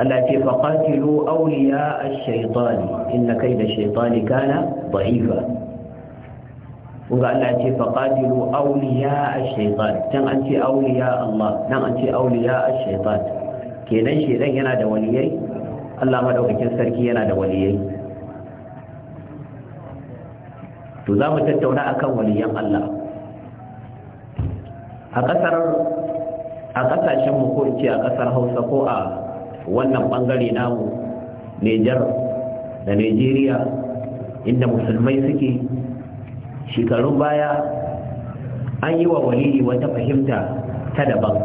Allah ce faqatilu awliya ash-shaytani inna kayda ash-shaytani kana da'ifa kunga Allah ce faqatilu awliya ash-shaytan dan an ce awliya an ce awliya ash-shaytan kenan shedan yana da waliyai Allah madaukakin sarki yana da waliyai to za mu tattauna akan waliyan Allah a kasar mu ce a kasar Hausa ko a wannan ɓangare namu Nijar da Najeriya inda musulmai suke shekarun baya an yi wa waliyi wata fahimta ta daban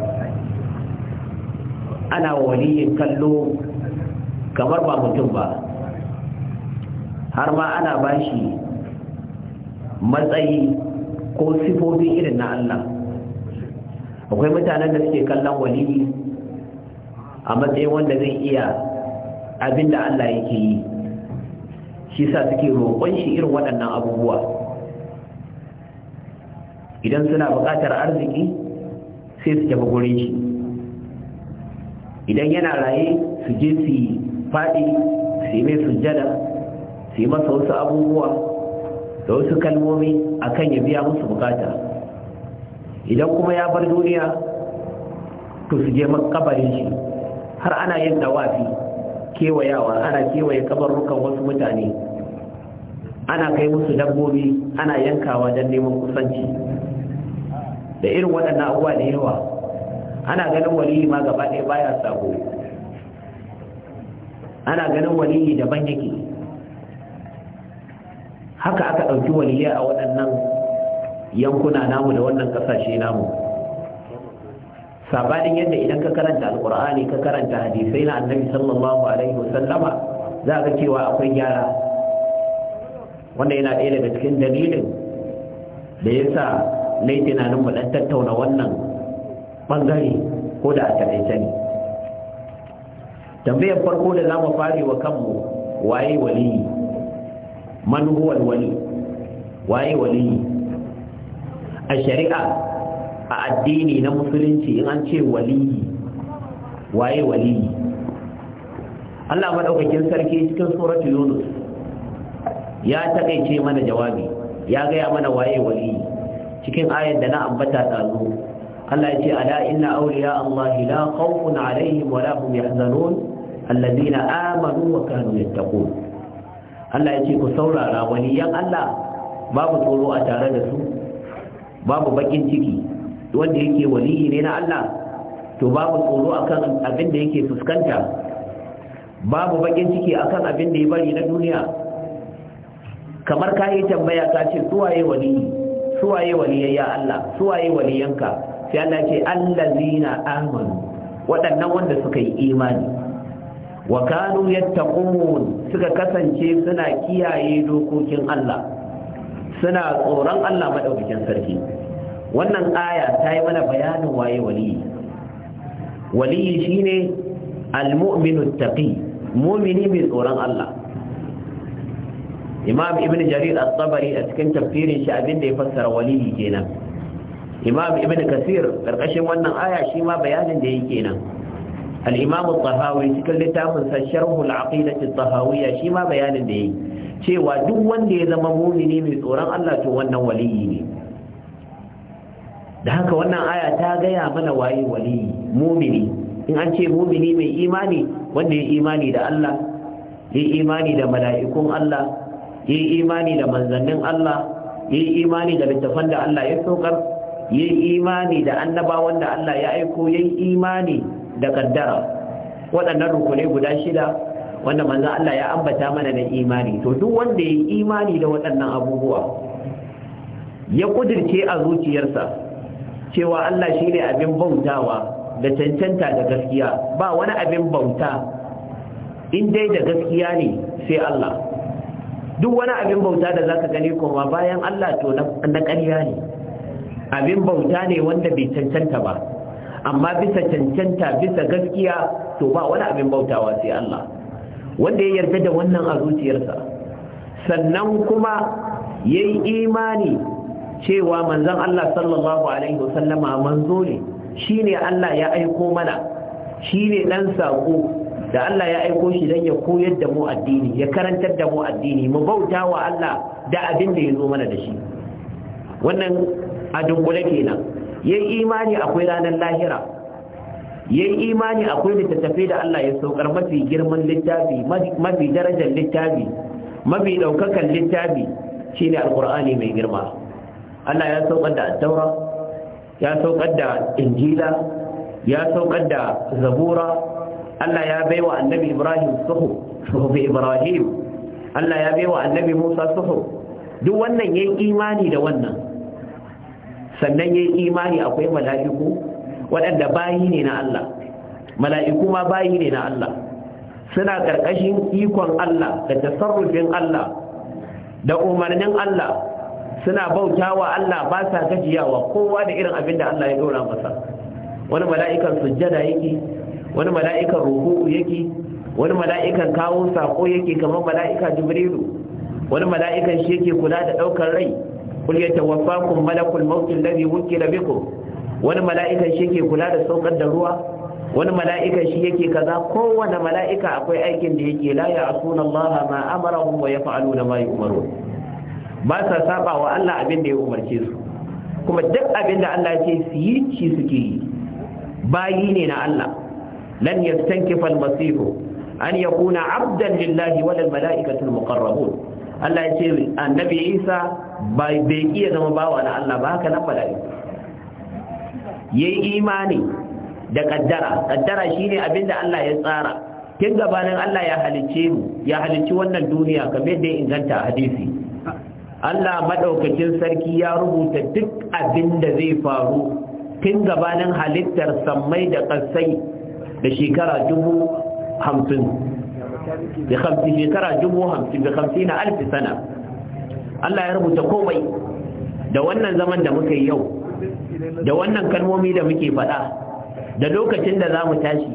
ana wa waliyin kallo kamar ba mutum ba har ma ana bashi matsayi ko sifofi irin na Allah akwai mutanen da suke kallon waliyi a matsayin wanda zai iya abin da Allah yake yi shi sa suke roƙon shi irin waɗannan abubuwa idan suna buƙatar arziki sai su tafi gurin shi idan yana raye su je su yi faɗi su yi mai sujjada su yi masa wasu abubuwa da wasu kalmomi a kan ya biya musu bukata idan kuma ya bar duniya to su je makabarin shi har ana yin dawafi kewayawa ana kewaye kabarrukan wasu mutane ana kai musu dabbobi ana yankawa don neman kusanci da irin waɗannan abuwa da yawa ana ganin waliyi ma gaba ɗaya baya sabo ana ganin waliyi daban yake haka aka ɗauki waliyya a waɗannan yankuna namu da wannan ƙasashe namu sabanin yadda idan ka karanta alkur'ani ka karanta hadisai na annabi sallallahu alaihi wasallama za ka cewa akwai gyara wanda yana ɗaya daga cikin dalilin da ya sa na yi tunanin mu ɗan tattauna wannan ɓangare ko da a taƙaice ne tambayar farko da za mu fare wa kanmu waye waliyi manuwar wani waye waliyi a shari'a a addini na musulunci in an ce waliyi waye waliyi Allah maɗaukakin sarki cikin suratul yunus ya takeice mana jawabi ya gaya mana waye waliyi cikin ayar da na ambata dazu Allah ya ce ala inna awliya Allah la khawfun alaihim wa la hum yahzanun alladhina amanu wa kanu yattaqun Allah ya ce ku saurara waliyan Allah babu tsoro a tare da su babu bakin ciki wanda yake waliyi ne na Allah to babu tsoro akan abin da yake fuskanta babu bakin ciki akan abin da ya bari na duniya kamar ka yi tambaya ka ce suwaye waliyi suwaye waliyayya Allah suwaye waliyanka sai Allah ce allazina amanu waɗannan wanda suka yi imani wa kanu yattaqun suka kasance suna kiyaye dokokin Allah suna tsoron Allah madaukakin sarki wannan aya ta yi mana bayanin waye waliyi waliyi shine al-mu'minu taqi mu'mini mai tsoron Allah imam ibn jarir at-tabari a cikin tafsirin shi abinda ya fassara waliyi kenan imam ibn kasir karkashin wannan aya shi ma bayanin da yake kenan al-imam at-tahawi cikin littafin sa sharhul aqidah at-tahawiyya shi ma bayanin da yake cewa duk wanda ya zama mu'mini mai tsoron Allah to wannan waliyi ne da haka wannan aya ta gaya mana waye wali mumini in an ce mumini mai imani wanda ya imani da Allah ya imani da mala'ikun Allah ya imani da manzannin Allah ya imani da littafan da Allah ya saukar ya imani da annabawan da Allah ya aiko ya imani da kaddara waɗannan rukunai guda shida wanda manzan Allah ya ambata mana da imani to duk wanda ya imani da waɗannan abubuwa ya kudirce a zuciyarsa cewa Allah shi ne abin bautawa da cancanta da gaskiya ba wani abin bauta in dai da gaskiya ne sai Allah duk wani abin bauta da zaka gani kuma bayan Allah to na ƙarya ne abin bauta ne wanda bai cancanta ba amma bisa cancanta bisa gaskiya to ba wani abin bautawa sai Allah wanda ya yarda da wannan a sannan kuma yayi imani cewa manzon Allah sallallahu alaihi wasallama manzo ne shine Allah ya aiko mana ne ɗan saƙo da Allah ya aiko shi dan ya koyar da mu addini ya karantar da mu addini mu bauta wa Allah da abin da ya zo mana da shi wannan a dunkule kenan yayi imani akwai ranar lahira yayi imani akwai littattafai da Allah ya saukar mafi girman littafi mafi darajar littafi mafi ɗaukakan littafi shine Alkur'ani mai girma Allah ya saukar da attaura ya saukar da injila ya saukar da zabura Allah ya baiwa annabi Ibrahim suhu suhu Ibrahim Allah ya baiwa annabi Musa suhu duk wannan yayin imani da wannan sannan yayin imani akwai mala'iku waɗanda bayi ne na Allah mala'iku ma bayi ne na Allah suna karkashin ikon Allah da tasarrufin Allah da umarnin Allah suna bautawa Allah ba sa gajiyawa kowa da irin abin da Allah ya dora masa wani mala'ikan sujjada yake wani mala'ikan ruhu yake wani mala'ikan kawo sako yake kamar mala'ika jibrilu wani mala'ikan shi yake kula da daukar rai kul tawaffakum malakul maut alladhi wukila bikum wani mala'ikan shi yake kula da saukar da ruwa wani mala'ikan shi yake kaza kowane mala'ika akwai aikin da yake la ya asuna Allah ma amara wa yaf'aluna ma yu'marun ba sa saba wa Allah abin da ya umarce su kuma duk abin da Allah ce su yi shi suke yi bayi ne na Allah lan yastankifa al-masih an yakuna abdan lillahi wal mala'ikatu al-muqarrabun Allah ya ce annabi Isa bai bai iya zama bawa na Allah ba haka na mala'iku yayi imani da kaddara kaddara shine abin da Allah ya tsara tun gabanin Allah ya halicce mu ya halicci wannan duniya kamar yadda ya inganta hadisi Allah maɗaukacin sarki ya rubuta duk abin da zai faru tun gabanin halittar sammai da ƙasai da shekara dubu hamsin da hamsin shekara dubu hamsin da hamsin na alfi sana Allah ya rubuta komai da wannan zaman da muka yi yau da wannan kalmomi da muke faɗa da lokacin da za mu tashi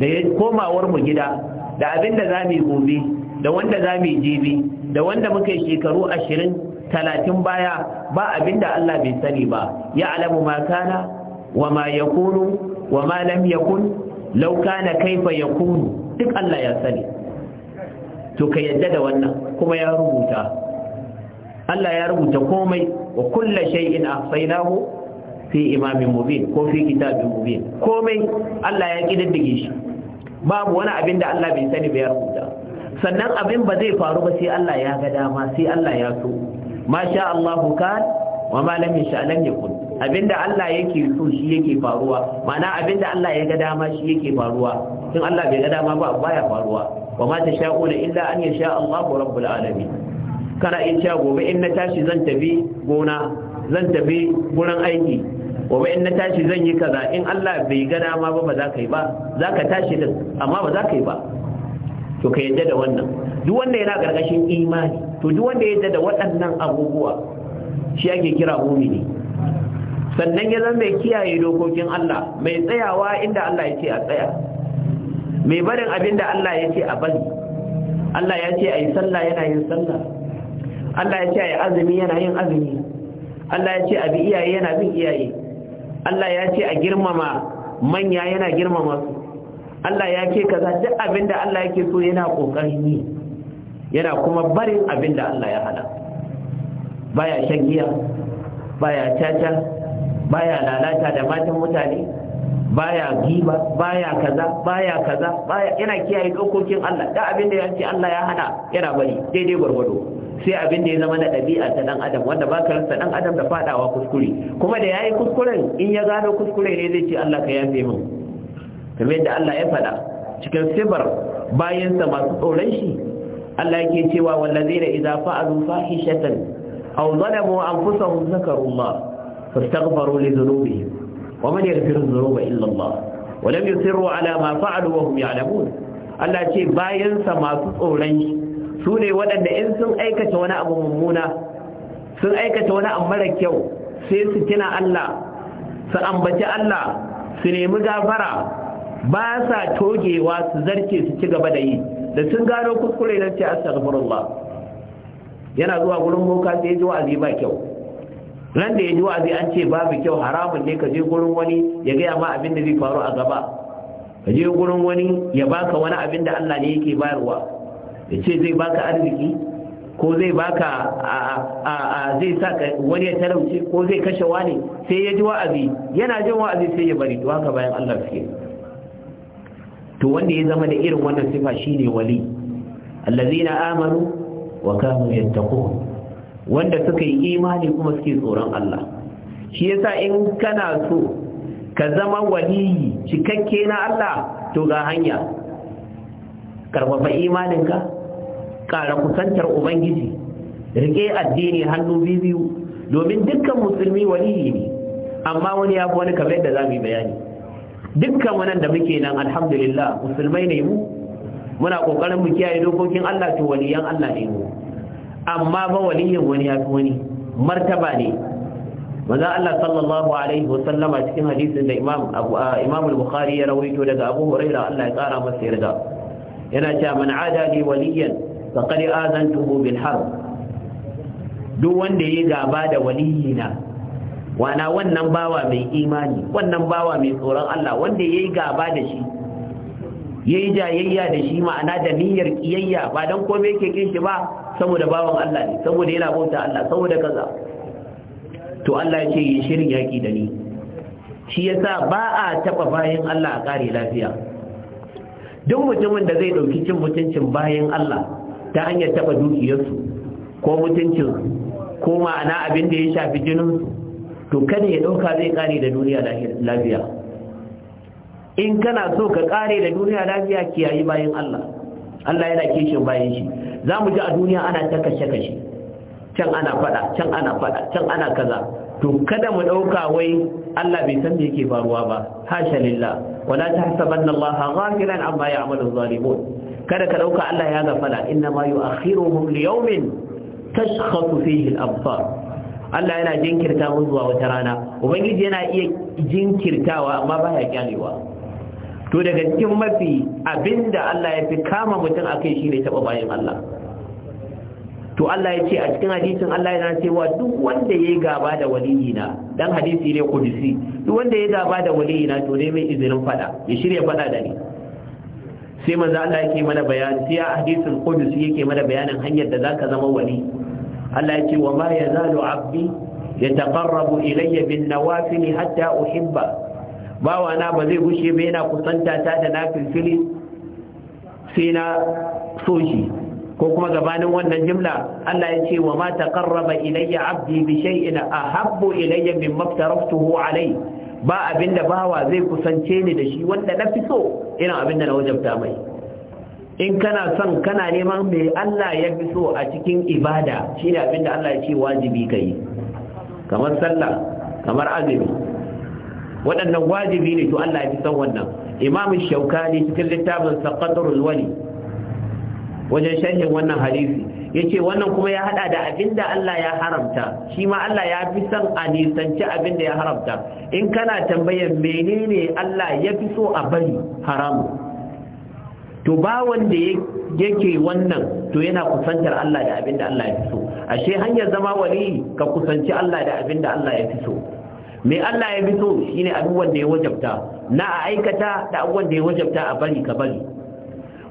da komawar mu gida da abin da za mu yi gobe da wanda za mu yi jibi da wanda muka yi shekaru ashirin talatin baya ba abinda Allah bai sani ba ya alamu ma wa ma yakunu wa ma lam yakun law na kaifa yakunu duk Allah ya sani to ka yadda da wannan kuma ya rubuta Allah ya rubuta komai wa kullu shay'in ahsaynahu fi imamin mubin ko fi kitabin mubin komai Allah ya kididdige shi babu wani abin da Allah bai sani ba ya rubuta sannan abin ba zai faru ba sai Allah ya ga dama sai Allah ya so ma sha Allahu kan wa ma lam yasha lam yakun abinda Allah yake so shi yake faruwa ma'ana abinda Allah ya ga dama shi yake faruwa in Allah bai ga dama ba baya faruwa wa ma tasha'una illa an yasha Allahu rabbul alamin kana in ta gobe in na tashi zan tafi gona zan tafi gurin aiki gobe in na tashi zan yi kaza in Allah bai ga ma ba ba za ka yi ba za ka tashi din amma ba za ka yi ba to ka yadda da wannan duk wanda yana gargashin imani to duk wanda ya yadda da waɗannan abubuwa shi ake kira mumini sannan ya zama mai kiyaye dokokin Allah mai tsayawa inda Allah ya ce a tsaya mai barin abin da Allah ya ce a bari Allah ya ce a yi sallah yana yin sallah Allah ya ce a yi azumi yana yin azumi Allah ya ce a bi iyaye yana bin iyaye Allah ya ce a girmama manya yana girmama su Allah ya ce kaza duk abin da Allah yake so yana kokarin yi yana kuma barin abin da Allah ya hana baya shan giya baya caca baya lalata da matan mutane baya giba baya kaza baya kaza baya yana kiyaye dokokin Allah da abin da yake Allah ya hana yana bari daidai gwargwado sai abin da ya zama na ɗabi'a ta ɗan adam wanda ba ka rasa ɗan adam da faɗawa kuskure kuma da ya yi kuskuren in ya gano kuskure ne zai ce Allah ka yafe min kamar yadda Allah ya faɗa cikin sibar bayansa masu tsoron shi Allah yake cewa wallazina idza fa'alu fahishatan aw zalamu anfusahum zakarullah فاستغفروا لذنوبهم ومن يغفر الذنوب إلا الله ولم يصروا على ما فعلوا وهم يعلمون Allah ce bayansa masu tsoron shi su ne waɗanda in sun aikata wani abu mummuna sun aikata wani abu mara kyau sai su tuna Allah su ambaci Allah su nemi gafara ba sa togewa su zarce su ci gaba da yi da sun gano kuskure nan ce astaghfirullah yana zuwa gurin boka sai ya ji wa'azi ba kyau Nan da ya ji wa'azi an ce babu kyau haramun ne ka je gurin wani ya gaya ma abin da zai faru a gaba ka je gurin wani ya baka wani abin da Allah ne yake bayarwa ya ce zai baka arziki ko zai baka a zai sa wani ya talauce ko zai kashe wani sai ya ji wa'azi yana jin wa'azi sai ya bari to haka bayan Allah suke to wanda ya zama da irin wannan sifa shine wali allazina amanu wa kanu yattaqun wanda suka yi imani kuma suke tsoron Allah shi yasa in kana so ka zama wali cikakke na Allah to ga hanya karfafa imaninka ƙara kusantar ubangiji rike addini hannu biyu domin dukkan musulmi waliyi ne amma wani ya fi wani kamar yadda za mu yi bayani dukkan wannan da muke nan alhamdulillah musulmai ne mu muna kokarin mu kiyaye dokokin Allah to waliyan Allah ne mu amma ba waliyin wani ya fi wani martaba ne manzo Allah sallallahu alaihi wa sallama cikin hadisin da Imam Abu Imam al-Bukhari ya rawaito daga Abu Hurairah Allah ya kara masa yarda yana cewa man ada li waliyan faqad azantuhu bil harb duk wanda ya gaba da waliyina wana wannan bawa mai imani wannan bawa mai tsoron Allah wanda yayi gaba da shi yayi jayayya da shi ma'ana da niyyar kiyayya ba dan komai yake kin shi ba saboda bawan Allah ne saboda yana bauta Allah saboda kaza to Allah ya ce yi shirin yaki da ni shi yasa ba a taba bayan Allah a kare lafiya duk mutumin da zai dauki cin mutuncin bayan Allah ta hanyar taba dukiyarsu ko mutuncin ko ma'ana abin da ya shafi jininsu to kada ya ɗauka zai ƙare da duniya lafiya in kana so ka ƙare da duniya lafiya kiyayi bayan Allah Allah yana kishin bayan shi za mu ji a duniya ana ta kashe-kashe can ana faɗa can ana faɗa can ana kaza to kada mu ɗauka wai Allah bai san me yake faruwa ba hasha lillah wala tahsabanna Allah ghafilan amma ya'malu zalimun kada ka ɗauka Allah ya gafala inna ma yu'akhiruhum li yawmin tashkhasu fihi al-absar Allah yana jinkirta mu zuwa wata rana ubangiji yana iya jinkirtawa amma baya kyalewa to daga cikin mafi abinda Allah ya fi kama mutum akai shine taba bayan Allah to Allah ya ce a cikin hadisin Allah yana cewa duk wanda yayi gaba da waliyina dan hadisi ne kudusi duk wanda yayi gaba da waliyina to ne mai izinin fada ya shirya fada da ni sai manzo Allah yake mana bayani sai hadisin kudusi yake mana bayanin hanyar da zaka zama wali Allah ya ce wa ma yazalu abdi yataqarrabu ilayya bin nawafil hatta uhibba bawa na ba zai gushe ba yana kusanta ta da nafilfili sai na so shi ko kuma gabanin wannan jimla Allah ya ce wa ma taqarraba ilayya abdi bi shay'in ahabbu ilayya mimma aftaraftuhu alayhi ba abinda bawa zai kusance ni da shi wanda na fi so ina abinda na wajabta mai in kana son kana neman mai Allah ya fi so a cikin ibada Shi ne abinda Allah ya ce wajibi ka yi kamar sallah kamar azumi waɗannan wajibi ne to Allah ya fi son wannan imam shaukani cikin littafin saqatul wali wajen sharhin wannan hadisi yace wannan kuma ya hada da abinda Allah ya haramta shi ma Allah ya fi son a nisanci abinda ya haramta in kana tambayar menene Allah ya fi so a bari haramu to ba wanda yake wannan to yana kusantar Allah da abin da Allah ya fi so ashe hanyar zama wali ka kusanci Allah da abin da Allah ya fi so me Allah ya fi so shine abubuwan da ya wajabta na a aikata da abubuwan da ya wajabta a bari ka bari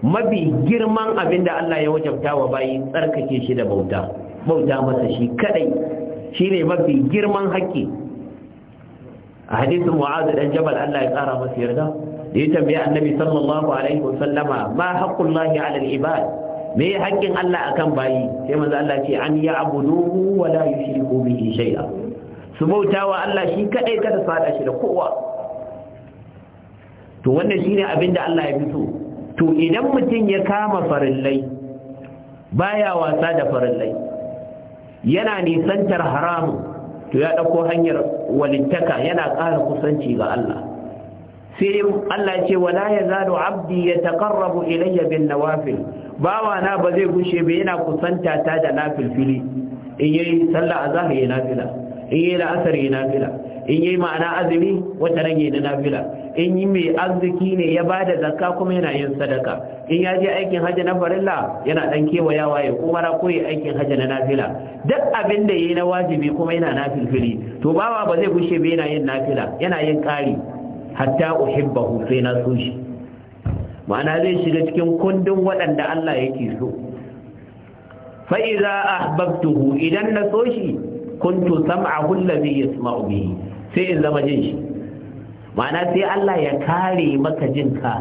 Mabi girman abin da Allah ya wajabta wa bayi tsarkake shi da bauta bauta masa shi kadai shine mafi girman haƙƙi a hadisin mu'azu dan jabal Allah ya tsara masa yarda da ya tambaye annabi sallallahu alaihi wasallama ma haqqullahi ala al-ibad me haƙƙin Allah akan bayi sai manzo Allah ce an ya'buduhu wa la yushriku bihi shay'a su bautawa Allah shi kadai kada sada shi da kowa to wannan shine abinda Allah ya fi so to idan mutum ya kama farillai baya wasa da farillai yana nisantar haramun to ya ɗauko hanyar walittaka yana ƙara kusanci ga Allah sai Allah ce wala ya zalu abdi ya taqarrabu ilayya bin nawafil bawa na ba zai gushe ba yana kusanta ta da nafil fili in yayi sallah azhar yana nafila in yayi la'asar yana nafila in yayi ma'ana azumi wata ran yayi nafila in yi mai arziki ne ya bada zakka kuma yana yin sadaka in ya je aikin hajji na farilla yana dan kewayawa ya kuma ko koyi aikin hajji na nafila duk abin da yayi na wajibi kuma yana nafil fili to bawa ba zai gushe ba yana yin nafila yana yin kari hatta uhibbahu sai na so shi ma'ana zai shiga cikin kundin waɗanda Allah yake so fa idza ahbabtuhu idan na so shi kuntu sam'ahu allazi yasma'u bihi sai in zama jin shi ma'ana sai Allah ya kare maka jinka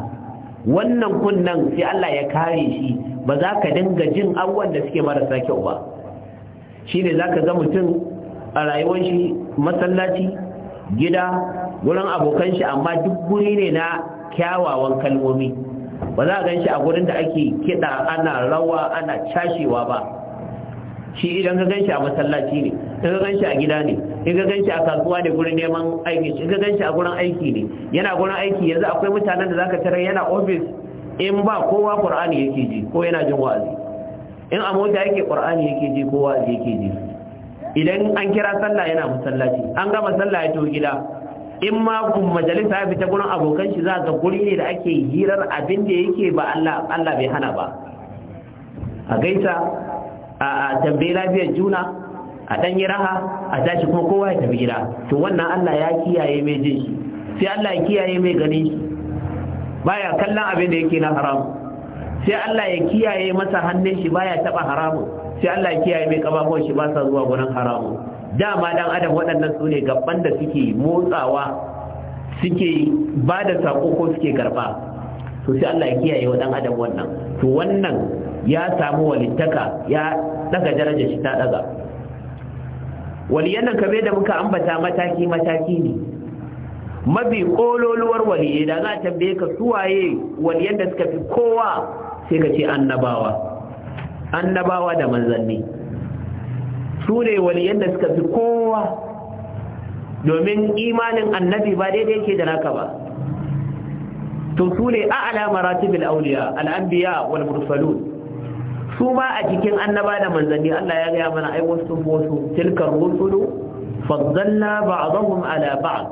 wannan kunnan sai Allah ya kare shi ba za ka dinga jin abubuwan da suke marasa kyau ba shine zaka ga mutum a rayuwar shi masallaci gida gurin abokan shi amma duk guri ne na kyawawan kalmomi ba za a gan shi a gurin da ake kiɗa ana rawa ana cashewa ba shi idan ka gan shi a masallaci ne in ka gan shi a gida ne in ka gan shi a kasuwa ne gurin neman aiki in ka gan shi a gurin aiki ne yana gurin aiki yanzu akwai mutanen da zaka tarar yana ofis in ba kowa qur'ani yake ji ko yana jin wa'azi in a mota yake qur'ani yake ji ko wa'azi yake ji idan an kira sallah yana musallaci an gama sallah ya to gida in ma kun majalisa ya fita gurin abokan shi za ga guri ne da ake hirar abin da yake ba Allah Allah bai hana ba a gaisa a tambayi lafiyar juna a dan yi raha a tashi kuma kowa ya tafi gida to wannan Allah ya kiyaye mai jin shi sai Allah ya kiyaye mai ganin shi baya kallon abin da yake na haram sai Allah ya kiyaye masa hannun shi baya taba haramun sai Allah ya kiyaye mai kafafuwan shi ba sa zuwa gurin haramu dama dan adam waɗannan su ne gaban da suke motsawa suke ba da sako ko suke karba to sai Allah ya kiyaye wa dan adam wannan to wannan ya samu walittaka ya daga daraja shi ta daga waliyan nan kabe da muka ambata mataki mataki ne mafi kololuwar waliyai da za ta tambaye ka suwaye waliyan da suka fi kowa sai ka ce annabawa annabawa da manzanni su ne waliyan da suka fi kowa domin imanin annabi ba daidai ke da naka ba to su ne a'ala maratibul awliya al-anbiya wani mursalun su ma a cikin annaba da manzanni Allah ya gaya mana ai wasu wasu tilkar rusulu faddalna a ala ba'd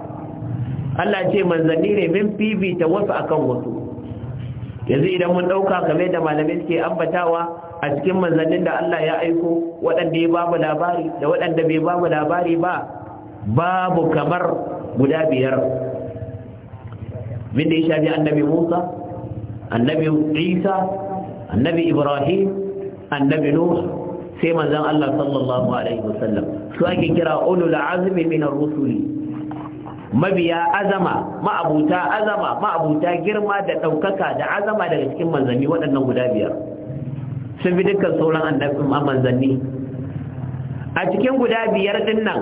Allah ce manzanni ne min fifita wasu akan wasu yanzu idan mun ɗauka game da malamai suke ambatawa a cikin manzannin da Allah ya aiko waɗanda ya babu labari da waɗanda bai babu labari ba babu kamar guda biyar min da ya shafi annabi Musa annabi Isa annabi Ibrahim annabi Nuh sai manzan Allah sallallahu alaihi wasallam su ake kira ulul azmi min ar-rusuli mabiya azama ma'abuta azama ma'abuta girma da ɗaukaka da azama daga cikin manzanni waɗannan guda biyar sun fi dukkan sauran annabin manzanni a cikin guda biyar din nan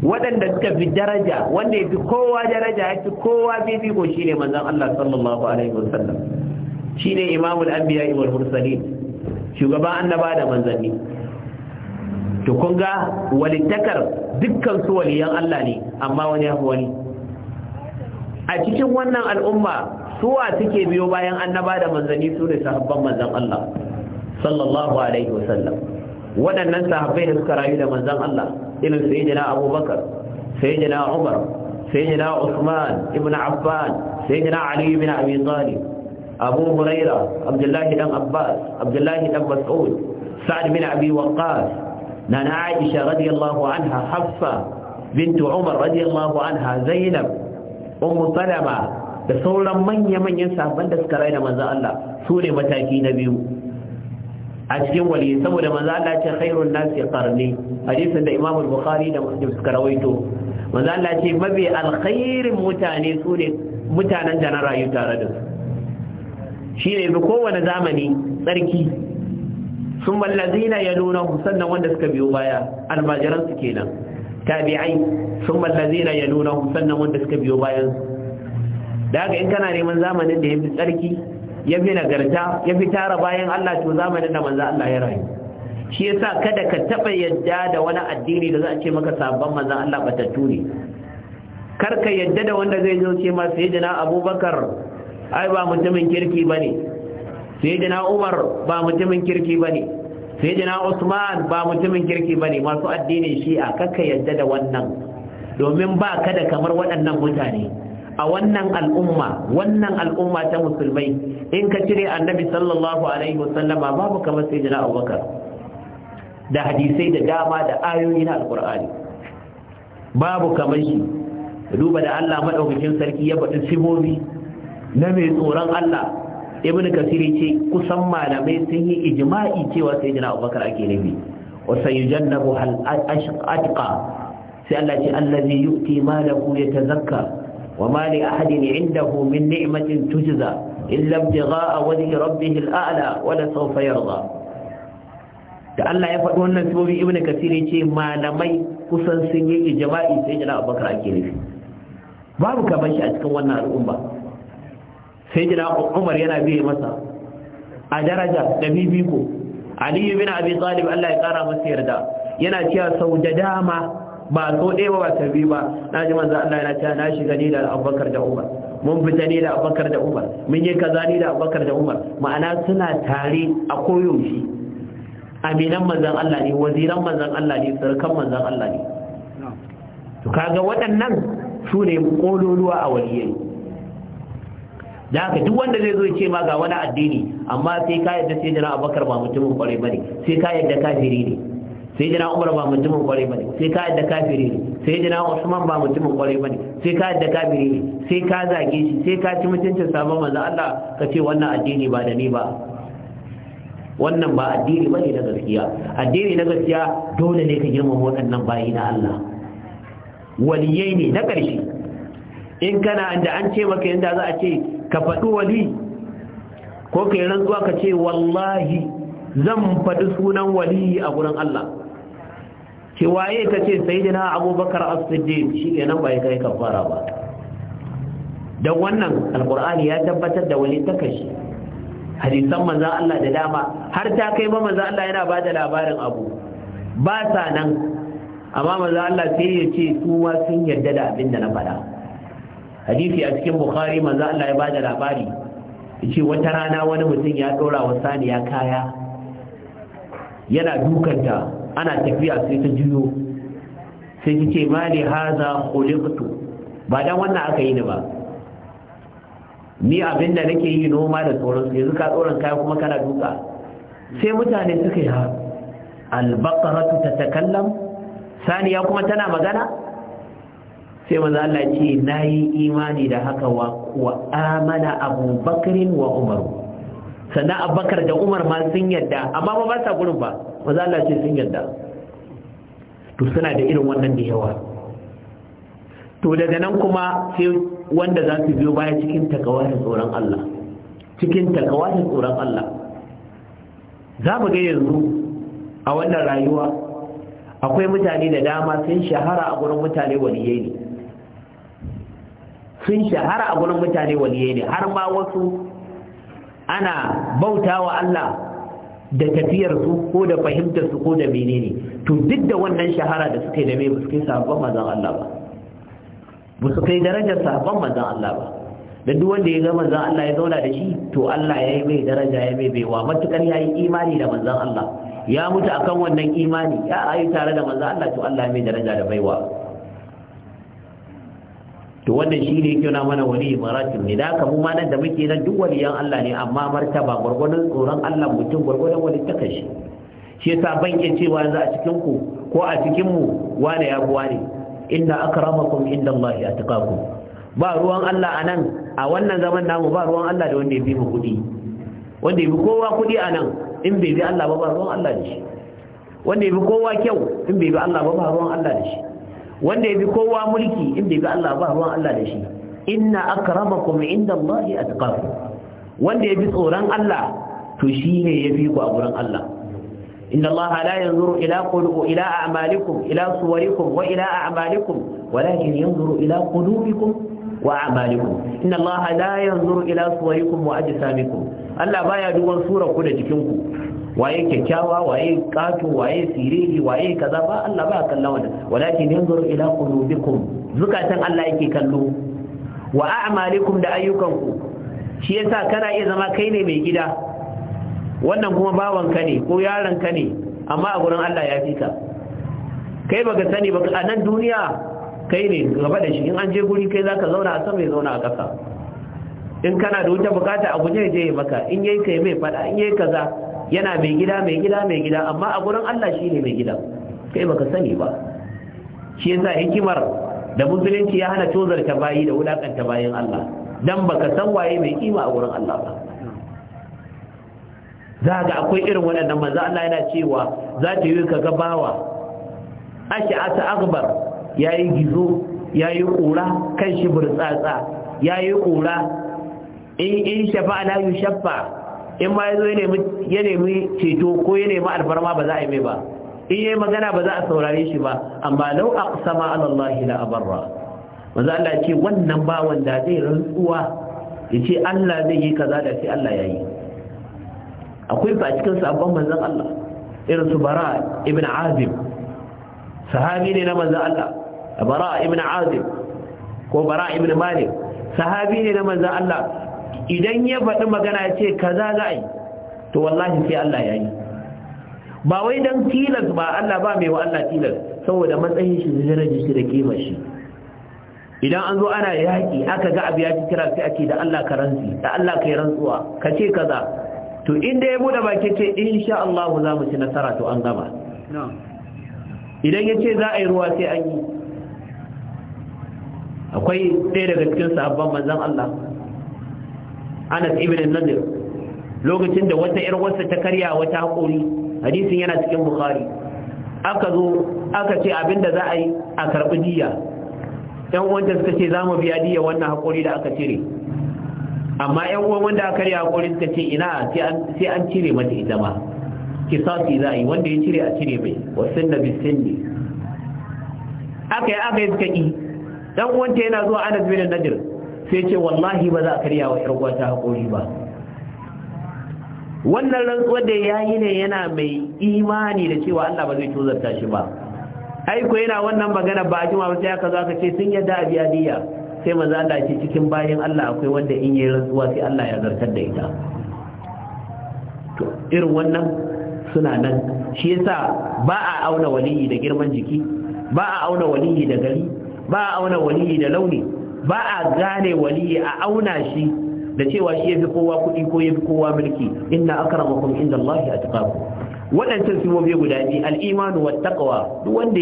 waɗanda suka fi daraja wanda ya fi kowa daraja ya fi kowa bibiko, shi ne manzan Allah sallallahu Alaihi wasallam shi ne imamul anbiya wal mursalin shugaban annaba da manzanni to kun ga walittakar dukkan su waliyan Allah ne amma wani yafi wani a cikin wannan al'umma suwa suke biyo bayan annaba da manzanni su ne sahabban manzan Allah sallallahu alaihi wasallam waɗannan sahabbai da suka rayu da manzon Allah irin sayyidina Abubakar sayyidina Umar sayyidina Uthman ibn Affan sayyidina Ali ibn Abi Talib Abu Huraira Abdullah ibn Abbas Abdullah ibn Mas'ud Sa'd ibn Abi Waqqas نانا عائشة رضي الله عنها حفصة بنت عمر رضي الله عنها زينب أم da sauran manya-manyan sabon da suka da manzo Allah su ne mataki na biyu a cikin wali saboda manzo Allah ce khairun nasi qarni hadisin da Imam Bukhari da Muslim suka rawaito manzo Allah ce mabi alkhairin mutane su ne mutanen da na rayu tare da su shine bi kowane zamani tsarki sun mallazina yalunahu nan wanda suka biyo baya almajiran su kenan tabi'ai sun mallazina yalunahu nan wanda suka biyo bayan da haka in kana neman zamanin da ya fi tsarki ya fi nagarta ya fi tara bayan Allah to zamanin da manzo Allah ya rayu shi yasa kada ka taba yadda da wani addini da za a ce maka sabon manzo Allah ta ture kar ka yadda da wanda zai zo ce ma sayyidina Abubakar ai ba mutumin kirki bane sayyidina Umar ba mutumin kirki bane sayyidina Usman ba mutumin kirki bane masu addinin Shi'a kaka yadda da wannan domin ba kada kamar waɗannan mutane a wannan al'umma wannan al'umma ta musulmai in ka cire annabi sallallahu alaihi wasallama babu kamar sai jira abubakar da hadisai da dama da ayoyi na alkur'ani babu kamar shi duba da Allah madaukakin sarki ya faɗi sibobi na mai tsoron Allah ibn kasir ce kusan malamai sun yi ijma'i cewa sai jira abubakar ake nufi wa sayujannabu hal ashqa sai Allah ce allazi yu'ti malahu yatazakka وما لأحد عنده من نعمة تجزى إلا ابتغاء وجه ربه الأعلى ولسوف يرضى da Allah ya faɗi wannan sibobi ibn kasir ya ce malamai kusan sun yi jama'i sai jina abubakar ake nufi babu kamar a cikin wannan al'umma sai jina umar yana biye masa a daraja da bibiko aliyu bin abi talib Allah ya kara masa yarda yana cewa sau da dama ba so ɗaya ba ba ba na ji manzo Allah yana cewa na shiga ni da Abubakar da Umar mun fita ni da Abubakar da Umar mun yi kaza ni da Abubakar da Umar ma'ana suna tare a koyaushe aminan manzon Allah ne waziran manzon Allah ne sarkan manzon Allah ne to kaga waɗannan su ne kololuwa a waliyai da haka duk wanda zai zo ya ce ma ga wani addini amma sai ka yadda sai da Abubakar ba mutumin kwarai bane sai ka yadda kafiri ne sai jina umar ba mutumin kwarai bane sai ka yadda kafiri ne sai jina usman ba mutumin kwarai bane sai ka yadda kafiri ne sai ka zage shi sai ka ci mutuncin sabon manzo Allah ka ce wannan addini ba da ni ba wannan ba addini bane na gaskiya addini na gaskiya dole ne ka girmama waɗannan bayi na Allah waliyai ne na ƙarshe in kana da an ce maka yanda za a ce ka faɗi wali ko ka yi rantsuwa ka ce wallahi zan faɗi sunan wali a gurin Allah ce waye ka ce sayyidina abubakar as-siddiq shikenan bai kai kafara ba dan wannan alqur'ani ya tabbatar da wani takashi hadisan manzo Allah da dama har ta kai ba manzo Allah yana bada labarin abu ba sa nan amma Maza'allah Allah sai ya ce su sun yarda da abin da na faɗa hadisi a cikin bukhari manzo Allah ya bada labari yace wata rana wani mutum ya dora wa saniya kaya yana dukanta ana tafiya sai ta juyo sai ta ce ma ne haza khuliqtu ba dan wannan aka yi ni ba ni abin da nake yi noma da sauransu yanzu ka tsoron kaya kuma kana duka sai mutane suka yi ha ta takallam saniya kuma tana magana sai maza Allah ce na yi imani da haka wa wa amana Abu wa Umar sannan Abubakar da Umar ma sun yadda amma ba ba sa gurin ba za Allah ce sun yadda to suna da irin wannan da yawa to daga nan kuma sai wanda za su biyo baya cikin takawa da tsoron Allah cikin takawa da tsoron Allah za mu ga yanzu a wannan rayuwa akwai mutane da dama sun shahara a gurin mutane waliyai ne sun shahara a gurin mutane waliyai ne har ma wasu ana bautawa Allah da tafiyar su ko da fahimtar su ko da menene to duk da wannan shahara da suke yi da mai ba su kai sabon manzon Allah ba ba su kai darajar sabon manzon Allah ba da duk wanda ya ga manzon Allah ya zauna da shi to Allah ya yi mai daraja ya mai baiwa matukar ya yi imani da manzon Allah ya mutu akan wannan imani ya ayi tare da manzon Allah to Allah ya mai daraja da baiwa to wannan shi ne yake mana wani maratin ne da aka mu ma nan da muke nan duk waliyan Allah ne amma martaba gwargwadon tsoron Allah mutum gwargwadon wani takan shi shi yasa ban iya cewa yanzu a cikin ku ko a cikin mu wane ya buwa ne inna akramakum inda Allah ya tukaku ba ruwan Allah a nan a wannan zaman namu ba ruwan Allah da wanda ya fi mu kuɗi wanda ya fi kowa kuɗi a nan in bai bi Allah ba ba ruwan Allah da shi wanda ya bi kowa kyau in bai bi Allah ba ba ruwan Allah da shi wanda ya bi kowa mulki in bai bi Allah ba ruwan Allah da shi inna akramakum inda Allah atqakum wanda ya bi tsoron Allah to shi ne ya fi ku a gurin Allah inna Allah la yanzuru ila qulubu ila a'malikum ila suwarikum wa ila a'malikum walakin yanzuru ila qulubikum wa a'malikum inna Allah la yanzuru ila suwarikum wa ajsamikum Allah baya duban surar ku da jikin ku waye kyakkyawa waye kato waye siriri waye kaza ba Allah ba kallon wannan walakin yanzuru ila qulubikum zukatan Allah yake kallo wa a'malikum da ayyukanku shi yasa kana iya zama kai ne mai gida wannan kuma bawanka ne ko ka ne amma a gurin Allah ya ka kai baka sani ba a nan duniya kai ne gaba da shi in an je guri kai zaka zauna a sama ya zauna a ƙasa in kana da wuta bukata a guje je maka in yayi kai mai fada in yayi kaza yana mai gida mai gida mai gida amma a gurin Allah shi ne mai gida kai baka sani ba shi yasa hikimar da musulunci ya hana ta bayi da wulakanta bayin Allah dan baka san waye mai kima a gurin Allah ba za ga akwai irin waɗannan manzo Allah yana cewa za ta yi kaga bawa ashi asa akbar yayi gizo yayi kura kan shi burtsatsa yayi kura in in shafa la yushaffa in ma ya zo ya nemi ceto ko ya nemi alfarma ba za a yi mai ba in yi magana ba za a saurare shi ba amma lau a sama alallahi la abarra maza Allah ce wannan ba wanda zai rantsuwa ya ce Allah zai yi kaza da sai Allah ya yi akwai ba cikin sabon manzan Allah irin su bara ibn azim sahabi ne na manzan Allah bara ibn azim ko bara ibn malik sahabi ne na manzan Allah idan ya faɗi magana ya ce kaza za a yi to wallahi sai Allah ya yi ba wai don tilas ba Allah ba mai wa Allah tilas saboda matsayin shi da darajar shi da kima shi idan an zo ana yaƙi aka ga abu ya ci kira sai ake da Allah ka rantsi da Allah ka yi rantsuwa ka ce kaza to inda ya bude baki ce insha Allah za mu ci nasara to an gama idan ya ce za a yi ruwa sai an yi akwai ɗaya daga cikin sahabban manzon Allah anas ibn nadir lokacin da wata yar wasa ta karya wata hakuri hadisin yana cikin bukhari aka zo aka ce abinda za a yi a karɓi diya yan uwanta suka ce zamu biya diya wannan hakuri da aka cire amma ƴan uwan wanda aka karya hakuri suka ce ina sai an cire mata ita ma kisasi za a yi wanda ya cire a cire mai wasan da bisin ne aka yi aka yi suka yi dan uwanta yana zuwa anas bin nadir sai ce wallahi ba za a karya wa ƴar ta haƙori ba wannan rantsuwar da ya yi ne yana mai imani da cewa Allah ba zai tozarta shi ba aiko yana wannan magana ba a jima sai aka zo aka ce sun yadda a biya diya sai manzo Allah ce cikin bayan Allah akwai wanda in yi rantsuwa sai Allah ya zartar da ita irin wannan suna nan shi yasa ba a auna waliyi da girman jiki ba a auna waliyi da gari ba a auna waliyi da launi ba a gane waliyi a auna shi da cewa shi yafi kowa kuɗi ko yafi kowa mulki inna akramakum inda Allah ya su mabiyu guda biyu al'imanu wa taqwa duk wanda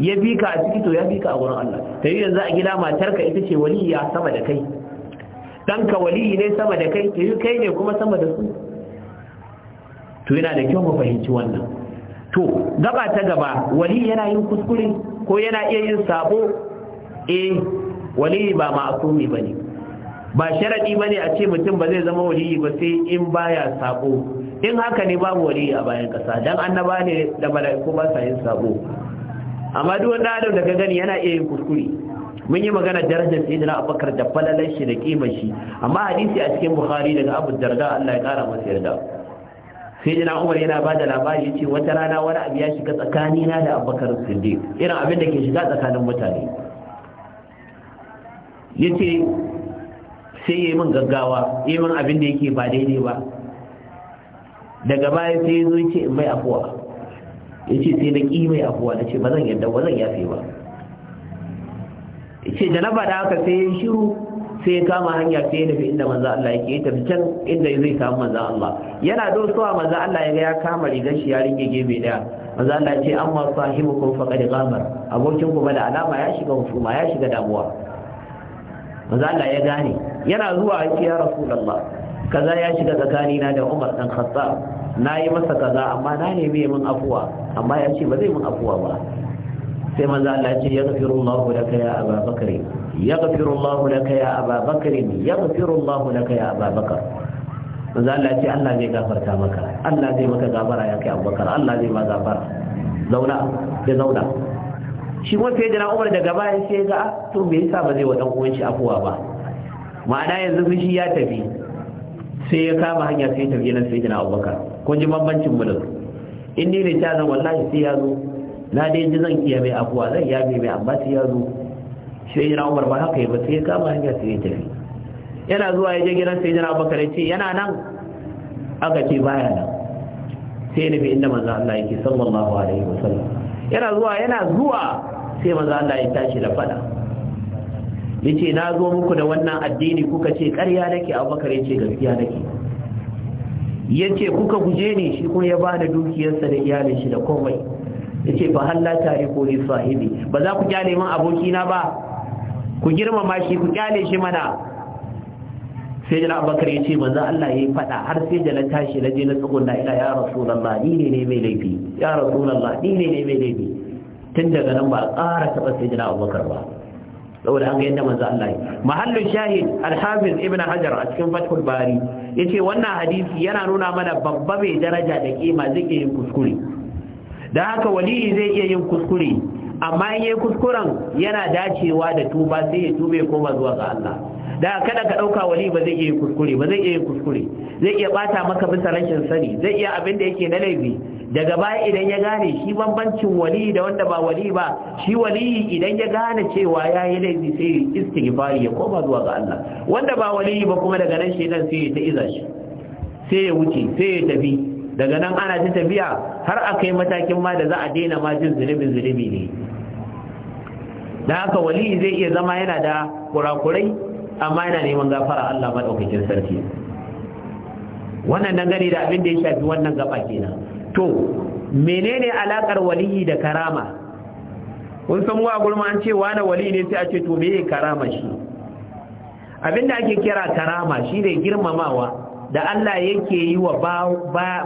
ya bi ka a ciki to ya bi ka a wurin Allah ta yanzu a gida matarka ita ce waliya sama da kai ka waliyi ne sama da kai ta kai ne kuma sama da su to yana da kyau mu fahimci wannan to gaba ta gaba wali yana yin kuskure ko yana iya yin sabo eh waliyi ba ma'asumi ne. ba ba ne a ce mutum ba zai zama waliyi ba sai in baya sabo in haka ne babu waliyi a bayan kasa dan annaba ne da mala'iku ba sa yin sabo amma duk wanda adam daga gani yana iya yin kuskure mun yi magana darajar sayyidina abubakar da falalan shi da kima shi amma hadisi a cikin bukhari daga abu darda Allah ya kara masa yarda sayyidina umar yana ba da labari ce wata rana wani abu ya shiga tsakanina da abubakar siddiq irin abin da ke shiga tsakanin mutane ya ce sai ya yi min gaggawa ya yi min abin da yake ba daidai ba daga baya sai ya zo ya ce in mai afuwa ya ce sai na ƙi mai afuwa na ce ba zan yadda ba zan yafe ba ya ce da na faɗa haka sai ya shiru sai ya kama hanya sai ya nufi inda manza Allah yake ya tafi can inda zai samu manza Allah yana dosowa manza Allah ya ga ya kama rigar shi ya ringe mai daya manza Allah ya ce amma sahibukum da gamar abokin ku ba da alama ya shiga hukuma ya shiga damuwa manzo Allah ya gane yana zuwa yake ya rasulullah kaza ya shiga tsakanina da Umar dan Khattab yi masa kaza amma na nemi min afuwa amma ya ce ba zai min afuwa ba sai manzo Allah ya ce yaghfirullahu laka ya Abu Bakr yaghfirullahu laka ya Abu Bakr yaghfirullahu laka ya Abu Bakr manzo Allah ya ce Allah zai gafarta maka Allah zai maka gafara ya kai Abubakar. Allah zai ma gafara zauna ya zauna shi kuma sai jana umar daga bayan sai ga ah, to me yasa ba zai wa dan uwan shi afuwa ba ma'ana yanzu fushi ya tafi sai ya kama hanya sai tafi nan sai jana abubakar kun ji bambancin mu da su in ni ne ta zan wallahi sai ya zo na dai ji zan iya mai afuwa zan ya mai amma sai ya zo sai jana umar ba haka yi ba sai ya kama hanya sai ya tafi yana zuwa ya je gidan sai jana abubakar ya ce yana nan aka ce baya nan sai nufi inda manzo Allah yake sallallahu alaihi wasallam yana zuwa yana zuwa sai maza Allah ya tashi da fada yace na zo muku da wannan addini kuka ce ƙarya nake Abubakar yace gaskiya nake yace kuka guje ni shi kuma ya bada dukiyarsa da iyalin shi da komai yace fa halla tariku li sahibi ba za ku kyale min aboki na ba ku girmama shi ku kyale shi mana sai da Abubakar yace manzo Allah yayi fada har sai da na tashi na je na tsugunna ila ya rasulullah ni ne ne mai laifi ya rasulullah ni ne ne mai laifi tun daga nan ba a ƙara taɓa sai jina abubakar ba saboda an ga yadda manzo Allah yi mahallin shahid al-hafiz ibn hajar a cikin fathul bari ce wannan hadisi yana nuna mana babba mai daraja da kima zai iya yin kuskure da haka waliyi zai iya yin kuskure amma in yayi kuskuren yana dacewa da tuba sai ya tube koma zuwa ga Allah da kada ka dauka wali ba zai iya kuskure ba zai iya yin kuskure zai iya bata maka bisa rashin sani zai iya abin da yake na laifi daga baya idan ya gane shi bambancin wali da wanda ba wali ba shi wali idan ya gane cewa ya yi laifi sai istighfari ya koma zuwa ga Allah wanda ba wali ba kuma daga nan shi nan sai ya iza shi sai ya wuce sai ya tafi daga nan ana ta tafiya har a kai matakin ma da za a daina ma jin zulubin zulubi ne da haka wali zai iya zama yana da kurakurai amma yana neman gafara Allah madaukakin sarki wannan dangane da abin da ya shafi wannan gaba kenan to menene alakar waliyi da karama kun san wa gulma an ce wani wali ne sai a ce to meye karama shi abinda ake kira karama shi ne girmamawa da Allah yake yi wa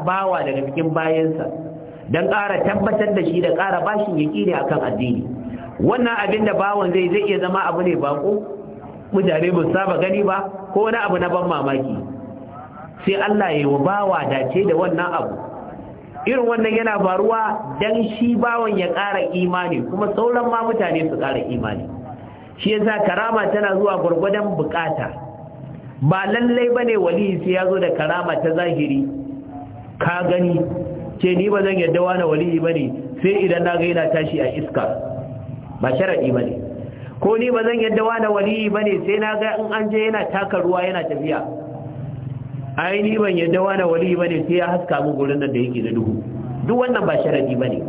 bawa daga cikin bayansa don ƙara tabbatar da shi da ƙara bashin yaki ne akan addini wannan abinda da bawan zai zai iya zama abu ne bako mutane ba saba gani ba ko wani abu na ban mamaki sai Allah ya yi wa bawa dace da wannan abu irin wannan yana faruwa dan shi bawon ya ƙara imani kuma sauran ma mutane su ƙara imani shi yasa karama tana zuwa gwargwadon bukata ba lallai bane wali sai ya zo da karama ta zahiri ka gani ce ni ba zan yadda wani wali bane sai idan na ga yana tashi a iska ba sharadi bane ko ni ba zan yadda wani wali bane sai na ga in an je yana taka ruwa yana tafiya ai ni ban yadda wani wali ne sai ya haska mu gurin nan da yake da duhu duk wannan ba sharadi ne.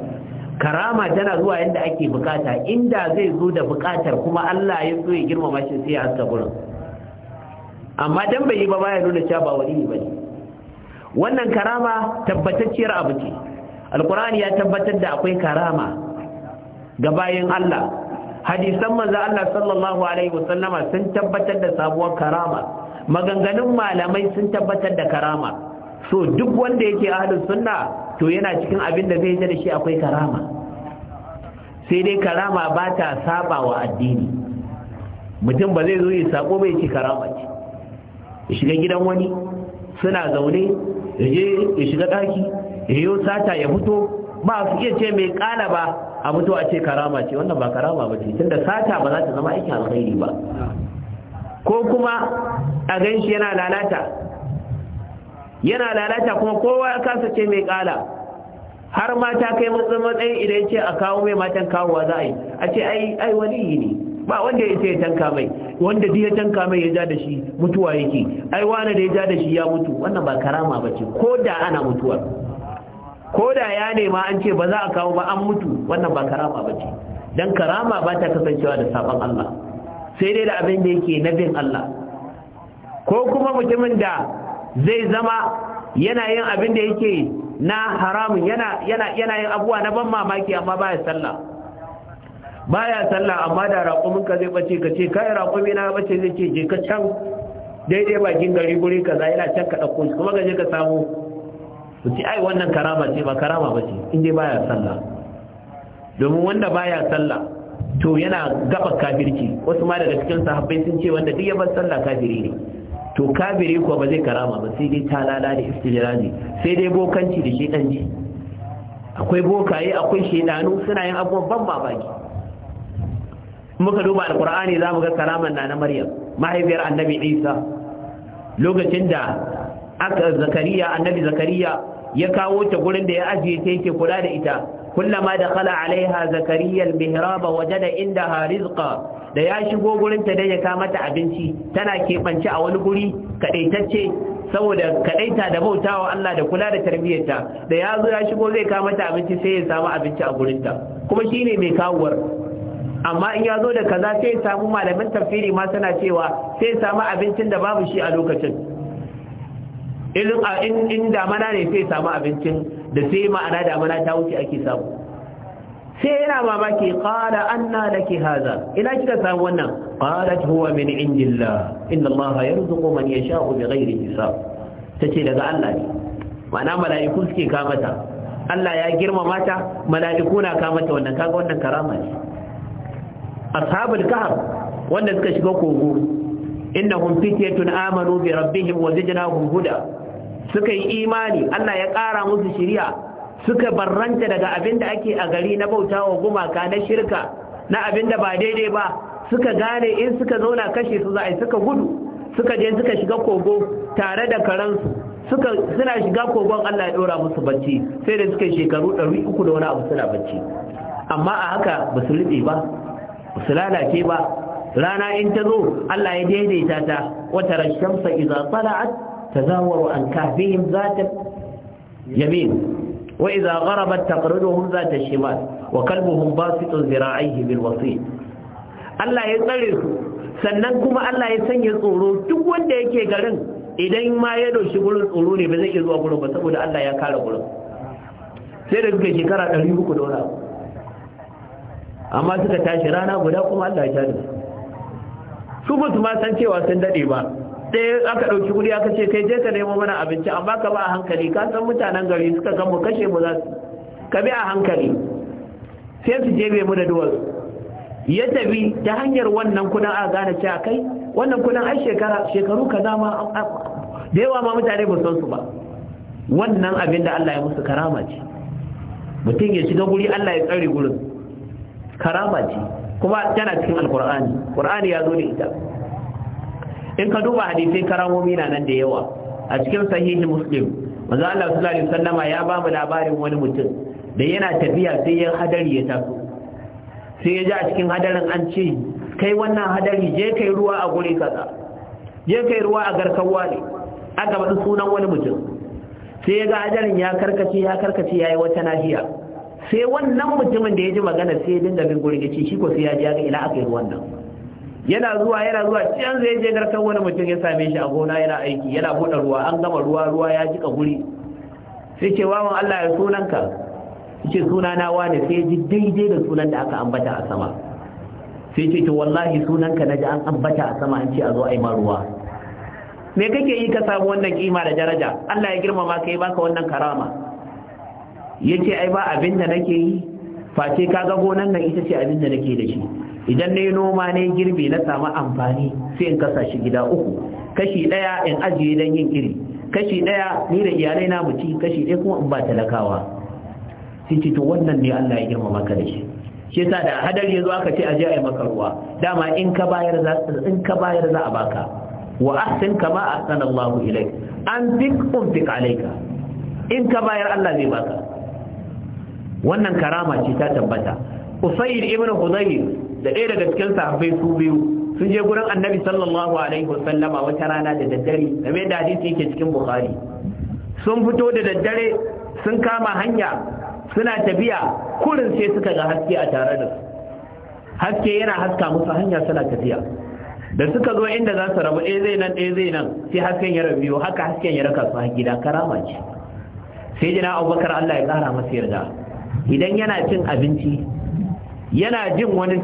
karama tana zuwa yanda ake bukata inda zai zo da bukatar kuma Allah ya so ya girmama shi sai ya haska gurin amma dan bai yi ba baya nuna cewa ba wali ne wannan karama tabbatacciyar abu ce alkurani ya tabbatar da akwai karama ga bayin Allah hadisan manzo Allah sallallahu alaihi wasallama sun tabbatar da sabuwar karama maganganun malamai sun tabbatar da karama so duk wanda yake ahlus sunna to yana cikin abin da zai yi da shi akwai karama sai dai karama ba ta saba wa addini mutum ba zai zo ya sako bai ce karama ce ya shiga gidan wani suna zaune ya je ya shiga daki ya yi sata ya fito ba su iya ce mai kala ba a fito a ce karama ce wannan ba karama ba ce tunda sata ba za ta zama aikin alkhairi ba ko kuma a gan shi yana lalata yana lalata kuma kowa ya kasa ce mai ƙala har mata kai matsayin idan ce a kawo mai matan kawowa za a yi a ce ai wani ne ba wanda ya ce ya tanka mai wanda ya tanka mai ya ja da shi mutuwa yake ai wani da ya ja da shi ya mutu wannan ba karama ba ce ko da ana mutuwa ko da ya nema an ce ba za a kawo ba an mutu wannan ba karama ba ce don karama ba ta kasancewa da sabon Allah sai dai da abin da yake na bin Allah ko kuma mutumin da zai zama yana yin abin da yake na haramun yana yin abuwa na ban mamaki amma baya sallah baya sallah amma da raƙumin ka zai bace ka ce kai raƙumi na bace zai ce je ka can daidai bakin gari guri kaza yana can ka dauko shi kuma ka je ka samu ku ce ai wannan karama ce ba karama ba in dai baya sallah domin wanda baya sallah to yana gaba kafirci wasu ma daga cikin sahabbai sun ce wanda duk ya bar sallah kafiri ne to kafiri kuwa ba zai karama ba sai dai talala da istijrazi sai dai bokanci da shedanci akwai bokaye akwai shedanu suna yin abubuwan ban mamaki muka duba alqur'ani zamu ga karaman na na maryam mahaifiyar annabi isa lokacin da aka zakariya annabi zakariya ya kawo ta gurin da ya ajiye ta yake kula da ita kullama da Kala alaiha zakariya almihraba wajada indaha rizqa da ya shigo gurinta ta dan ya ka mata abinci tana keɓance a wani guri kaɗaitacce saboda kaɗaita da bautawa Allah da kula da tarbiyyarta da ya zo ya shigo zai kamata abinci sai ya samu abinci a gurinta, kuma kuma shine mai kawuwar amma in ya zo da kaza sai ya samu malamin tafiri ma suna cewa sai ya samu abincin da babu shi a lokacin in damana ne sai samu abincin da sai ma'ana da damana ta wuce ake samu sai yana mamaki qala anna laki hadha ina kika samu wannan qalat huwa min indillah inna allaha yarzuqu man yasha'u bighairi hisab tace daga Allah ne ma'ana mala'iku suke kamata Allah ya girmama ta mala'iku na kamata wannan kaga wannan karama ne ashabul kahf wanda suka shiga kogo innahum fityatun amanu bi rabbihim wa zidnahum huda suka yi imani Allah ya ƙara musu shirya suka barranta daga abin da ake a gari na bauta wa gumaka na shirka na abin da ba daidai ba suka gane in suka zauna kashe su za a suka gudu suka je suka shiga kogo tare da karansu suka suna shiga kogon Allah ya dora musu bacci sai da suka shekaru 300 da wani abu suna bacci amma a haka ba su lube ba su lalace ba rana in ta zo Allah ya daidaita ta wata rashamsa iza tala'at تزاوروا عن كهفهم ذات يمين وإذا غربت تقرضهم ذات الشمال وكلبهم باسط ذراعيه بالوصيد Allah ya tsare sannan kuma Allah ya sanya tsoro duk wanda yake garin idan ma ya doshi gurin tsoro ne ba zai iya zuwa gurin ba saboda Allah ya kare gurin sai da suka shekara 300 da wani amma suka tashi rana guda kuma Allah ya kare su su ba su ma san cewa sun dade ba sai aka ɗauki kuɗi aka ce kai je ka nemo mana abinci amma ka ba a hankali ka san mutanen gari suka san mu kashe mu za su ka bi a hankali sai su jebe mu da duwar ya tafi ta hanyar wannan kuɗin a gane cewa kai wannan kuɗin ai shekara shekaru kaza ma da yawa ma mutane ba san su ba wannan abin da Allah ya musu karama ce mutum ya shiga guri Allah ya tsare gurin karama ce kuma tana cikin alkur'ani alkur'ani ya zo da ita in ka duba hadisai karamomi na nan da yawa a cikin sahihi muslim manzo Allah sallallahu alaihi wasallama ya ba mu labarin wani mutum da yana tafiya sai ya hadari ya taso sai ya ji a cikin hadarin an ce kai wannan hadari je kai ruwa a guri kaza je kai ruwa a garkawa ne aka faɗi sunan wani mutum sai ya ga hadarin ya karkace ya karkace yayi wata nahiya sai wannan mutumin da ya ji magana sai ya dinga bin gurin shi ko sai ya ji ga ila aka yi ruwan nan yana zuwa yana zuwa can zai je garkan wani mutum ya same shi a gona yana aiki yana buɗe ruwa an gama ruwa ruwa ya jika guri sai ce wawan Allah ya sunanka ce suna na wani sai ji daidai da sunan da aka ambata a sama sai ce to wallahi sunanka na ji an ambata a sama an ce a zo a ma ruwa me kake yi ka samu wannan kima da daraja Allah ya girmama ka yi baka wannan karama yace ai ba abin nake yi face ga gonan nan ita ce abin da nake da shi idan na yi noma ne girbi na samu amfani sai in kasa shi gida uku kashi ɗaya in ajiye don yin iri kashi ɗaya ni da iyalai na muci kashi ɗaya kuma in ba talakawa sai ce to wannan ne Allah ya girmama ka da shi shi yasa da hadari yazo aka ce aje ayi maka ruwa dama in ka bayar za in ka bayar za a baka wa ahsin kama ahsana Allah ilaik an tik umtik alayka in ka bayar Allah zai baka wannan karama ce ta tabbata Usayr ibn Hudayr da ɗaya daga cikin sahabbai su biyu sun je gurin annabi sallallahu alaihi wasallama wata rana da daddare game da hadisi yake cikin bukhari sun fito da daddare sun kama hanya suna tafiya kurin sai suka ga haske a tare da su haske yana haska musu hanya suna tafiya da suka zo inda za su rabu ɗaya zai nan ɗaya zai nan sai hasken ya rabu haka hasken ya raka su gida karama ce sai jina abubakar allah ya ƙara masa yarda idan yana cin abinci yana jin wani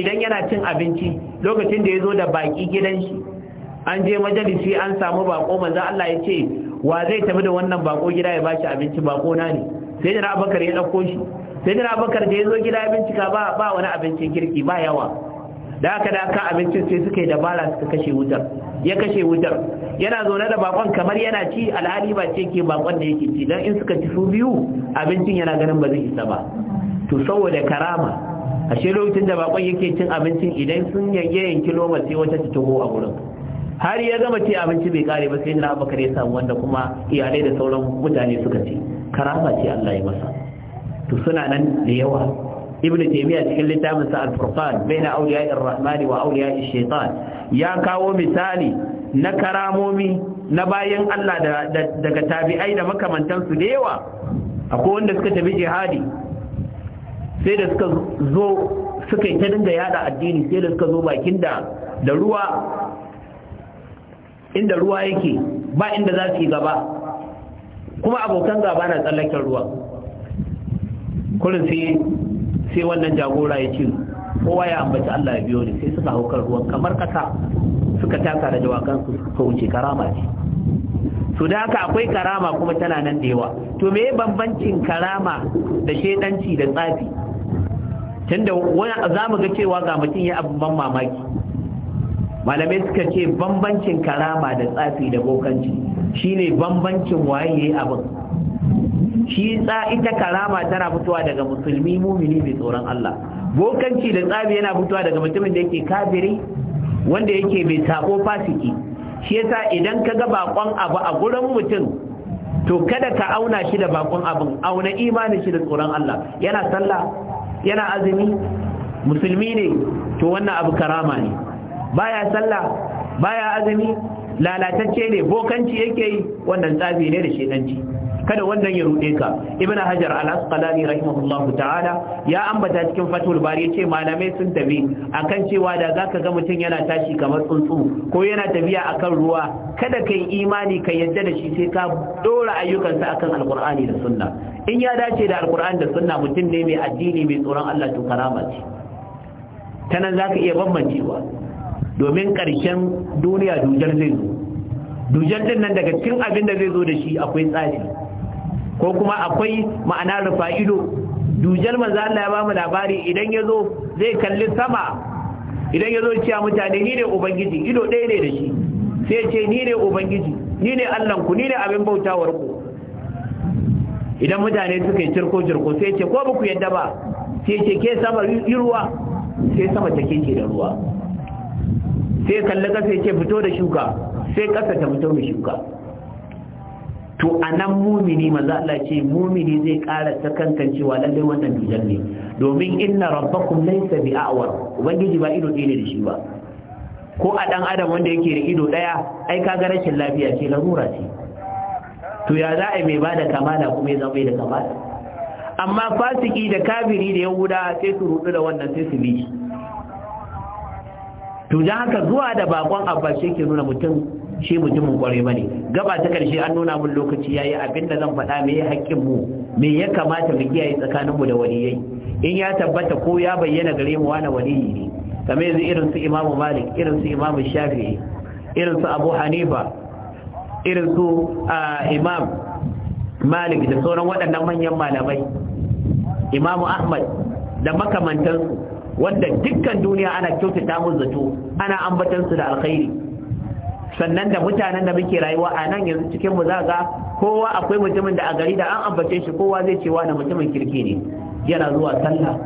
idan yana cin abinci lokacin da ya zo da baki gidan shi an je majalisi an samu bako manzo Allah ya ce wa zai tafi da wannan bako gida ya bashi abinci bako na ne sai jira abakar ya dauko shi sai jira abakar da ya zo gida ya bincika ba ba wani abinci kirki ba yawa da aka da aka abincin sai suka yi dabara suka kashe wutar ya kashe wutar yana zaune da bakon kamar yana ci alhali ba ce ke bakon da yake ci dan in suka ci su biyu abincin yana ganin ba zai isa ba to saboda karama A ashe lokacin da bakon yake cin abincin idan sun yanke yanki loma sai wata ta togo a gurin har ya gama ce abinci bai kare ba sai na abakar ya samu wanda kuma iyalai da sauran mutane suka ci. karama ce Allah ya masa to suna nan da yawa ibnu taymiya cikin littafin sa al-furqan baina awliya ar-rahmani wa awliya ash-shaytan ya kawo misali na karamomi na bayan Allah daga tabi'ai da makamantansu da yawa akwai wanda suka tafi jihadi sai da suka zo suka yi ta dinga yada addini sai da suka zo bakin da da ruwa inda ruwa yake ba inda za su yi gaba kuma abokan gaba na tsallaken ruwa kurin sai wannan jagora ya ce kowa ya ambaci Allah ya biyo ne sai suka hau kan ruwan kamar kasa suka taka da jawakan su suka wuce karama ce su da haka akwai karama kuma tana nan da yawa to me bambancin karama da shaidanci da tsafi tunda wani za mu ga cewa ga mutum ya abu ban mamaki malamai suka ce bambancin karama da tsafi da bokanci shine bambancin waye abin shi tsa ita karama tana fitowa daga musulmi mumini mai tsoron Allah bokanci da tsafi yana fitowa daga mutumin da yake kafiri wanda yake mai sako fasiki shi yasa idan ka ga bakon abu a gurin mutum to kada ka auna shi da bakon abin auna imanin shi da tsoron Allah yana sallah yana azumi musulmi ne to wannan abu karama ne baya sallah baya azumi lalatacce ne bokanci yake yi wannan tsabi ne da shedanci kada wannan ya rude ka ibnu hajar al-asqalani rahimahullahu ta'ala ya ambata cikin fatul bari yace malamai sun tabi akan cewa da zaka ga mutum yana tashi kamar tsuntsu ko yana tafiya akan ruwa kada kai imani ka yadda da shi sai ka dora ayyukansa akan alqur'ani da sunna in ya dace da alqur'ani da sunna mutum ne mai addini mai tsoron Allah to karama ce ta nan za iya bambancewa domin karshen duniya dujar zai zo dujar din nan daga cikin abin da zai zo da shi akwai tsari ko kuma akwai ma'ana rufa ido dujal manzo Allah ya bamu labari idan yazo zai kalli sama idan yazo cewa mutane ni ne ubangiji ido ɗaya ne da shi sai ce ni ne ubangiji ni ne Allah ku ni ne abin bautawar ku idan mutane suka yi cirko jirko sai ce ko baku yadda ba sai ce ke sama ruwa sai sama take ke da ruwa sai kalli kasa ya ce fito da shuka sai kasa ta fito da shuka to anan mumini maza Allah ce mumini zai ƙara ta kankancewa lallai wannan dujan ne domin inna rabbakum laysa bi a'war ubangiji ba ido ɗaya da shi ba ko a dan adam wanda yake da ido ɗaya ai kaga rashin lafiya ce larura ce to ya za a mai bada kamala kuma ya zama da kamala amma fasiki da kafiri da yahuda sai su rubu da wannan sai su bi to dan haka zuwa da bakon abba shi ke nuna mutum shi mutumin kwarai bane gaba ta karshe an nuna mun lokaci yayi abinda zan faɗa me ya haƙƙin mu me ya kamata mu kiyaye tsakanin mu da waliyai in ya tabbata ko ya bayyana gare mu wani waliyi ne kamar yanzu irin su Imam Malik irin su Imam Shafi'i irin su Abu Hanifa irin su Imam Malik da sauran waɗannan manyan malamai Imam Ahmad da makamantansu wanda dukkan duniya ana kyautata musu zato ana ambatansu da alkhairi sannan da mutanen da muke rayuwa a nan yanzu cikin mu za ga kowa akwai mutumin da a gari da an ambace shi kowa zai ce wani mutumin kirki ne yana zuwa sallah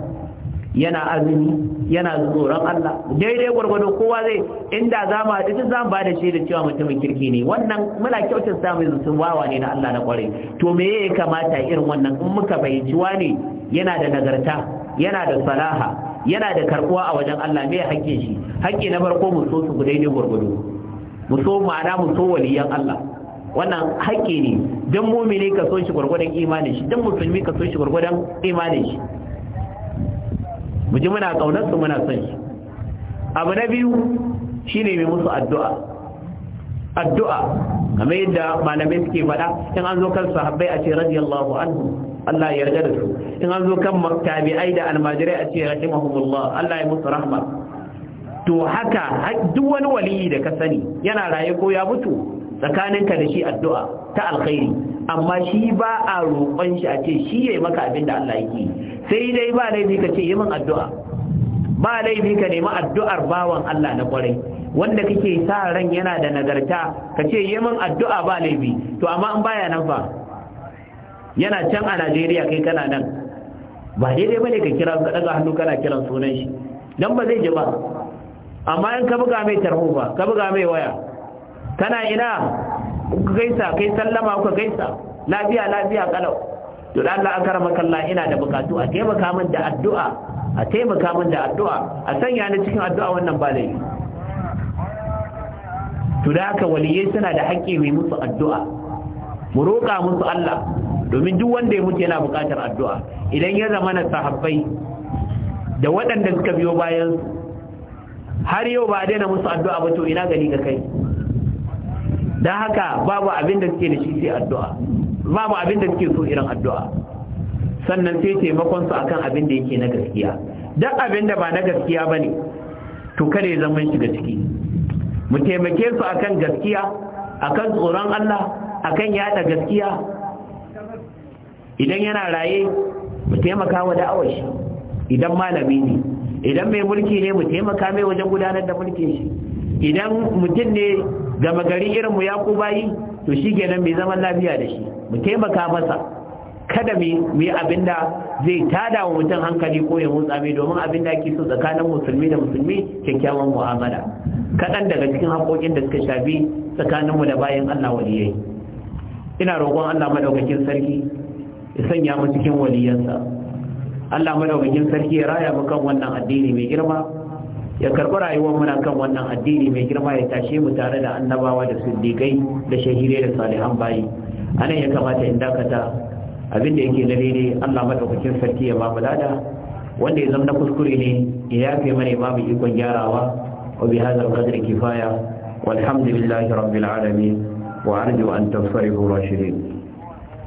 yana azumi yana tsoron Allah daidai gwargwado kowa zai inda za mu haɗu duk za mu shi da cewa mutumin kirki ne wannan muna kyautar samun zutun wawa ne na Allah na kwarai to me ya kamata irin wannan in muka fahimci wane yana da nagarta yana da salaha yana da karbuwa a wajen Allah me hakke shi hakki na farko mu so su daidai gwargwado mu so ma'ana mu so waliyan Allah wannan haƙƙi ne dan mu'mini ka so shi gurgurdan imanin shi dan musulmi ka so shi gurgurdan imanin shi mu ji muna kaunar su muna son shi abu na biyu shine mai musu addu'a addu'a kamar yadda malamai suke faɗa in an zo kan sahabbai a ce radiyallahu anhu Allah ya yarda da su in an zo kan tabi'ai da almajirai a ce rahimahumullah Allah ya musu rahma to haka duk wani waliyi da ka sani yana raye ko ya mutu tsakaninka da shi addu'a ta alkhairi amma shi ba a roƙon shi a ce shi yayi maka abin da Allah yake sai dai ba laifi ka ce yi min addu'a ba laifi ka nemi addu'ar bawan Allah na kwarai wanda kake sa ran yana da nagarta ka ce yi min addu'a ba laifi to amma in baya nan fa yana can a Najeriya kai kana nan ba daidai bane ka kira ka daga hannu kana kiran sunan shi dan ba zai ji ba amma in ka buga mai tarho ba ka buga mai waya kana ina kuka gaisa kai sallama kuka gaisa lafiya lafiya kalau to dan Allah an karama kalla ina da bukatu a taimaka min da addu'a a taimaka min da addu'a a sanya ni cikin addu'a wannan ba laifi to da haka waliye suna da haƙƙi mai musu addu'a mu roƙa musu Allah domin duk wanda ya mutu yana buƙatar addu'a idan ya zama na sahabbai da waɗanda suka biyo bayan har yau ba a daina musu addu'a ba to ina gani ga kai don haka babu abin da suke da shi sai addu'a babu abin da suke so irin addu'a sannan sai taimakon su akan abin da yake na gaskiya duk abin da ba na gaskiya bane to kada ya zama shiga ciki mu taimake su akan gaskiya akan tsoron Allah akan yada gaskiya idan yana raye mu taimaka wa da'awar shi idan malami ne idan mai mulki ne mu taimaka mai wajen gudanar da mulkin shi idan mutum ne gama gari irin mu ya ku bayi to shi kenan mai zaman lafiya da shi mu taimaka masa kada mu yi abin da zai tada wa mutum hankali ko ya motsa mai domin abin da ake so tsakanin musulmi da musulmi kyakkyawan mu'amala kaɗan daga cikin haƙoƙin da suka shafi tsakanin mu da bayan allah waliyai ina roƙon allah maɗaukakin sarki ya sanya mu cikin waliyansa Allah madaukakin sarki ya raya mu kan wannan addini mai girma ya karɓi rayuwar muna kan wannan addini mai girma ya tashe mu tare da annabawa da siddiƙai da shahira da salihan bayi a nan ya kamata in dakata abin da yake na daidai Allah madaukakin sarki ya bamu lada wanda ya zama na kuskure ne ya yafe mana ba mu ikon gyarawa wa bi hadzal qadri kifaya walhamdulillahi rabbil alamin wa arju an tasrifu rashidin